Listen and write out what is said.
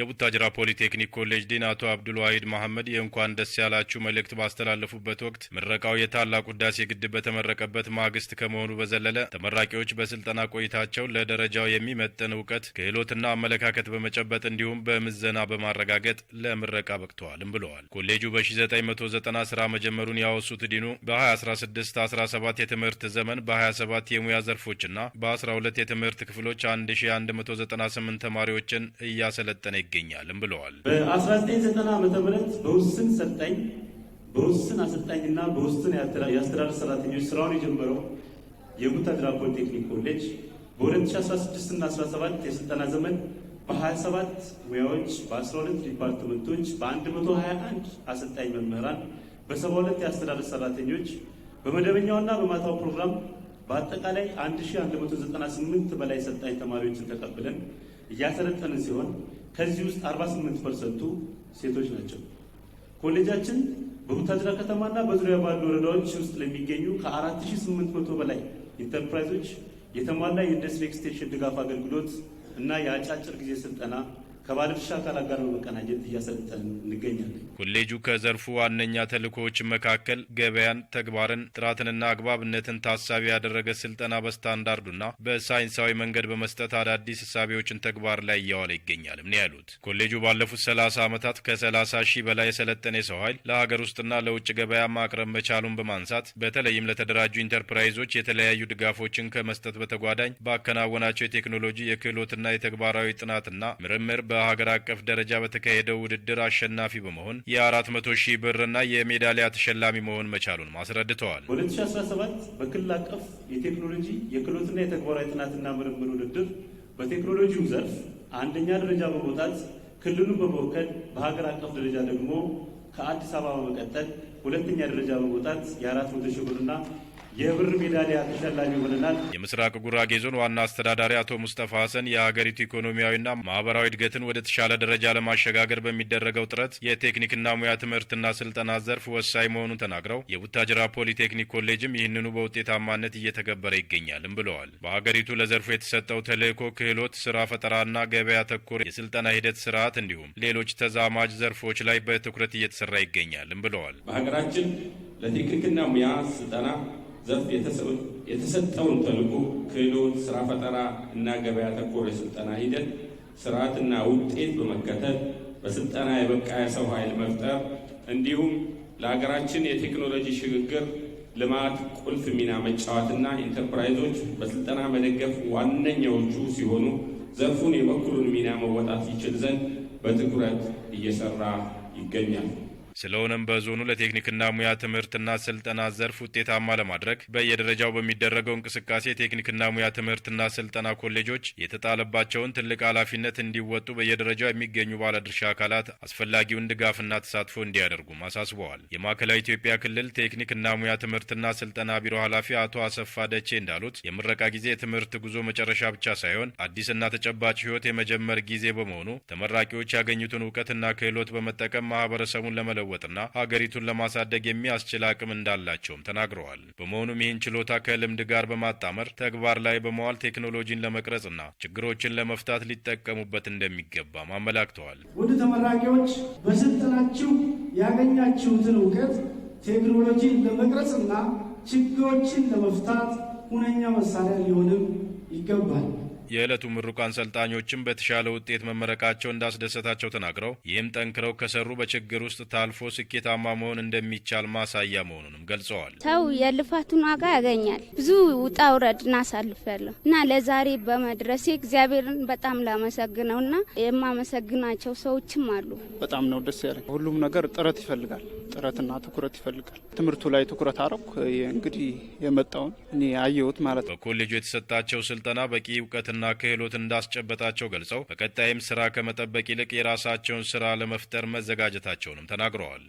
የቡታጅራ ፖሊቴክኒክ ኮሌጅ ዲን አቶ አብዱልዋሂድ መሐመድ የእንኳን ደስ ያላችሁ መልእክት ባስተላለፉበት ወቅት ምረቃው የታላቁ ህዳሴ ግድብ በተመረቀበት ማግስት ከመሆኑ በዘለለ ተመራቂዎች በስልጠና ቆይታቸው ለደረጃው የሚመጥን እውቀት፣ ክህሎትና አመለካከት በመጨበጥ እንዲሁም በምዘና በማረጋገጥ ለምረቃ በቅተዋልም ብለዋል። ኮሌጁ በ1990 ስራ መጀመሩን ያወሱት ዲኑ በ2016 17 የትምህርት ዘመን በ27 የሙያ ዘርፎችና በ12 የትምህርት ክፍሎች 1198 ተማሪዎችን እያሰለጠነ እንገኛለን ብለዋል። በ1990 ም በውስን ሰልጣኝ በውስን አሰልጣኝና በውስን የአስተዳደር ሰራተኞች ስራውን የጀመረው የቡታጅራ ፖሊቴክኒክ ኮሌጅ በ2016 እና 17 የስልጠና ዘመን በ27 ሙያዎች በ12 ዲፓርትመንቶች በ121 አሰልጣኝ መምህራን በ72 የአስተዳደር ሰራተኞች በመደበኛውና በማታው ፕሮግራም በአጠቃላይ 1198 በላይ ሰልጣኝ ተማሪዎችን ተቀብለን እያሰለጠንን ሲሆን ከዚህ ውስጥ 48 ፐርሰንቱ ሴቶች ናቸው። ኮሌጃችን በቡታጅራ ከተማና በዙሪያ ባሉ ወረዳዎች ውስጥ ለሚገኙ ከ4800 በላይ ኢንተርፕራይዞች የተሟላ የኢንዱስትሪ ኤክስቴንሽን ድጋፍ አገልግሎት እና የአጫጭር ጊዜ ስልጠና ከባለድርሻ አካላት ጋር በመቀናጀት እንገኛለን። ኮሌጁ ከዘርፉ ዋነኛ ተልእኮዎች መካከል ገበያን፣ ተግባርን፣ ጥራትንና አግባብነትን ታሳቢ ያደረገ ስልጠና በስታንዳርዱና በሳይንሳዊ መንገድ በመስጠት አዳዲስ እሳቤዎችን ተግባር ላይ እያዋለ ይገኛልም ነው ያሉት። ኮሌጁ ባለፉት ሰላሳ ዓመታት ከ30 ሺህ በላይ የሰለጠነ የሰው ኃይል ለሀገር ውስጥና ለውጭ ገበያ ማቅረብ መቻሉን በማንሳት በተለይም ለተደራጁ ኢንተርፕራይዞች የተለያዩ ድጋፎችን ከመስጠት በተጓዳኝ ባከናወናቸው የቴክኖሎጂ የክህሎትና የተግባራዊ ጥናትና ምርምር በ በሀገር አቀፍ ደረጃ በተካሄደው ውድድር አሸናፊ በመሆን የ400 ሺህ ብርና የሜዳሊያ ተሸላሚ መሆን መቻሉን አስረድተዋል። በ2017 በክልል አቀፍ የቴክኖሎጂ የክህሎትና የተግባራዊ ጥናትና ምርምር ውድድር በቴክኖሎጂው ዘርፍ አንደኛ ደረጃ በመውጣት ክልሉን በመወከል በሀገር አቀፍ ደረጃ ደግሞ ከአዲስ አበባ በመቀጠል ሁለተኛ ደረጃ በመውጣት የ400 ሺህ ብርና የብር ሜዳሊያ ተሸላሚ ሆነናል። የምስራቅ ጉራጌ ዞን ዋና አስተዳዳሪ አቶ ሙስጠፋ ሀሰን የሀገሪቱ ኢኮኖሚያዊና ማህበራዊ እድገትን ወደ ተሻለ ደረጃ ለማሸጋገር በሚደረገው ጥረት የቴክኒክና ሙያ ትምህርትና ስልጠና ዘርፍ ወሳኝ መሆኑን ተናግረው የቡታጅራ ፖሊቴክኒክ ኮሌጅም ይህንኑ በውጤታማነት እየተገበረ ይገኛልም ብለዋል። በሀገሪቱ ለዘርፉ የተሰጠው ተልእኮ ክህሎት፣ ስራ ፈጠራና ገበያ ተኮር የስልጠና ሂደት ስርዓት እንዲሁም ሌሎች ተዛማጅ ዘርፎች ላይ በትኩረት እየተሰራ ይገኛልም ብለዋል። በሀገራችን ለቴክኒክና ሙያ ስልጠና ዘርፍ የተሰጠውን ተልዕኮ ክህሎት፣ ስራ ፈጠራ እና ገበያ ተኮር የስልጠና ሂደት ስርዓትና ውጤት በመከተል በስልጠና የበቃ የሰው ኃይል መፍጠር እንዲሁም ለሀገራችን የቴክኖሎጂ ሽግግር ልማት ቁልፍ ሚና መጫወትና ኢንተርፕራይዞች በስልጠና መደገፍ ዋነኛዎቹ ሲሆኑ ዘርፉን የበኩሉን ሚና መወጣት ይችል ዘንድ በትኩረት እየሰራ ይገኛል። ስለሆነም በዞኑ ለቴክኒክና ሙያ ትምህርትና ስልጠና ዘርፍ ውጤታማ ለማድረግ በየደረጃው በሚደረገው እንቅስቃሴ ቴክኒክና ሙያ ትምህርትና ስልጠና ኮሌጆች የተጣለባቸውን ትልቅ ኃላፊነት እንዲወጡ በየደረጃው የሚገኙ ባለድርሻ አካላት አስፈላጊውን ድጋፍና ተሳትፎ እንዲያደርጉም አሳስበዋል። የማዕከላዊ ኢትዮጵያ ክልል ቴክኒክና ሙያ ትምህርትና ስልጠና ቢሮ ኃላፊ አቶ አሰፋ ደቼ እንዳሉት የምረቃ ጊዜ የትምህርት ጉዞ መጨረሻ ብቻ ሳይሆን አዲስና ተጨባጭ ህይወት የመጀመር ጊዜ በመሆኑ ተመራቂዎች ያገኙትን እውቀትና ክህሎት በመጠቀም ማህበረሰቡን ለመለወ ለመለወጥና ሀገሪቱን ለማሳደግ የሚያስችል አቅም እንዳላቸውም ተናግረዋል። በመሆኑም ይህን ችሎታ ከልምድ ጋር በማጣመር ተግባር ላይ በመዋል ቴክኖሎጂን ለመቅረጽና ችግሮችን ለመፍታት ሊጠቀሙበት እንደሚገባም አመላክተዋል። ውድ ተመራቂዎች በስልጠናችሁ ያገኛችሁትን እውቀት ቴክኖሎጂን ለመቅረጽና ችግሮችን ለመፍታት ሁነኛ መሳሪያ ሊሆንም ይገባል። የዕለቱ ምሩቃን ሰልጣኞችም በተሻለ ውጤት መመረቃቸው እንዳስደሰታቸው ተናግረው ይህም ጠንክረው ከሰሩ በችግር ውስጥ ታልፎ ስኬታማ መሆን እንደሚቻል ማሳያ መሆኑንም ገልጸዋል። ሰው የልፋቱን ዋጋ ያገኛል። ብዙ ውጣ ውረድ አሳልፌያለሁ እና ለዛሬ በመድረሴ እግዚአብሔርን በጣም ላመሰግነውና የማመሰግናቸው ሰዎችም አሉ። በጣም ነው ደስ ያለኝ። ሁሉም ነገር ጥረት ይፈልጋል። ጥረትና ትኩረት ይፈልጋል። ትምህርቱ ላይ ትኩረት አረኩ እንግዲህ የመጣውን እኔ አየሁት ማለት ነው። በኮሌጁ የተሰጣቸው ስልጠና በቂ እውቀትና ክህሎት እንዳስጨበጣቸው ገልጸው በቀጣይም ስራ ከመጠበቅ ይልቅ የራሳቸውን ስራ ለመፍጠር መዘጋጀታቸውንም ተናግረዋል።